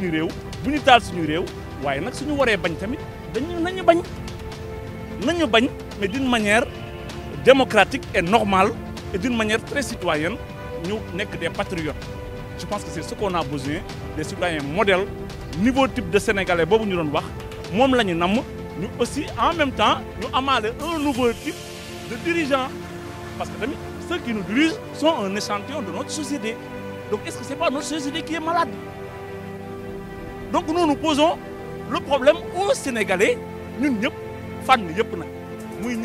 nous mais d'une manière démocratique et normale et d'une manière très citoyenne ñu sommes des patriotes je pense que c'est ce qu'on a besoin des citoyens modèles niveau type de sénégalais boobu ñu aussi en même temps nous amaale un nouveau type de dirigeants. parce que ceux qui nous dirigent sont un échantillon de notre société donc est-ce que c'est pas notre société qui est malade donc nous nous posons le problème aux Sénégalais Nous ne fans gens Nous nous sommes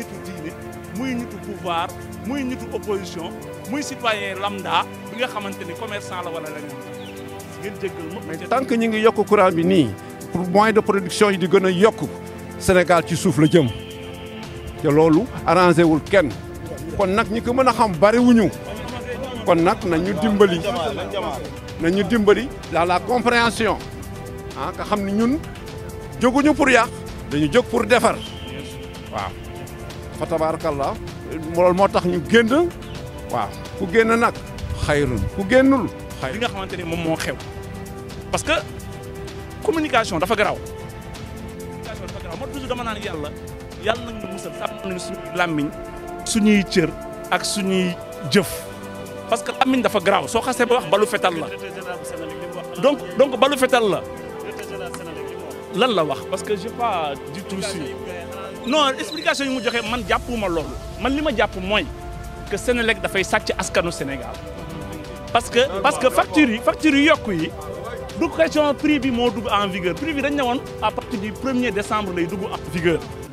les muy pouvoir nous sommes opposition muy citoyen lambda nous sommes des mais tant que nous sommes courant pour moyens de production nous, sommes Sénégal ci souffle. jëm nous nous Nous dans la compréhension. ah xam ne ñun jóguñu pour yàq dañu jóg pour defar waaw fa tabarakallah loolu moo tax ñu génn waaw ku génn nag xayrun ku génnul xayr nga xamante ne moom moo xew parce que communication dafa garaaw communication dafa garaaw moo toujours dama naan yàlla yàlla nañu musal sàmm nañu suñuy làmmiñ suñuy cër ak suñuy jëf parce que làmmiñ dafa garaaw soo xasee ba wax balu fetal la donc donc balu fetal la lan la wax parce que j'ai pas du tout sûr non explication yi mu joxe man jappuma lolu man lima japp moy que que da fay sàcc askanu Sénégal parce que parce que facture facture factures yi du question prix bi mo dugg en vigueur prix bi dañ a à partir du premier décembre lay dugg en vigueur